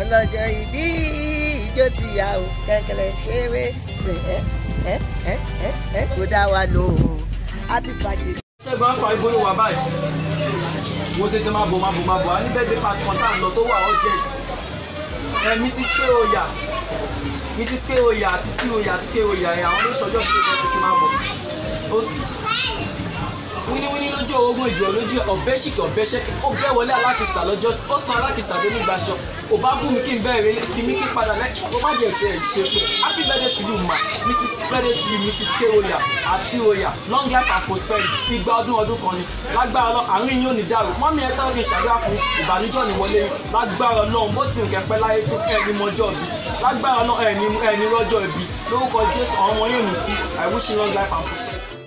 ọlọ́jọ́ ìbí ìjó ti yá o kẹ̀kẹ́rẹ́ ṣeré ṣe ẹ́ ẹ́ ẹ́ ẹ́ ẹ́ kò dá wa lò ó happy birthday. ṣẹ́gun afa ibo ló wà báyìí wo tètè máa bọ̀ máa bọ̀ máa bọ̀ á ní birthday party kan tá à ń lọ tó wà urgent ẹ mrs k oya mrs k oya àti k oya àti k oya ẹ àwọn oníṣọjọ́ bí ó ti máa bọ̀ wíníwíní ogun ìjùwọ̀n lójú ẹ̀ ọ̀bẹ́sìkì ọ̀bẹ́sẹ́kì ó bẹ́ wọlé alákìsà lọ́jọ́ ó san alákìsà tó ní gbaṣọ ò bá bú mi kí n bẹ́ẹ̀ rí kí mi kí padà náà ó bá jẹ̀ tiẹ̀ ṣe pé happy birthday to you ma mrs birthday to you mrs k oya àti oya long life and prosperity igba ọdún ọdún kan ni lágbára lọ àárín yín ò ní dàrú mọ́mí ẹ tẹ́wọ́ kí n ṣàdúrà fún ìbànújọ́ ní wọlé lágbára Ọlọ́run bó ti nǹkan pẹ́ láyé tó ẹni mọ́jọ́ bí lágbára Ọlọ́run ẹni rọ́jọ́ ibi lórúkọ Jésù àwọn ọmọ yóò ní kí I wish you long life and prosperity.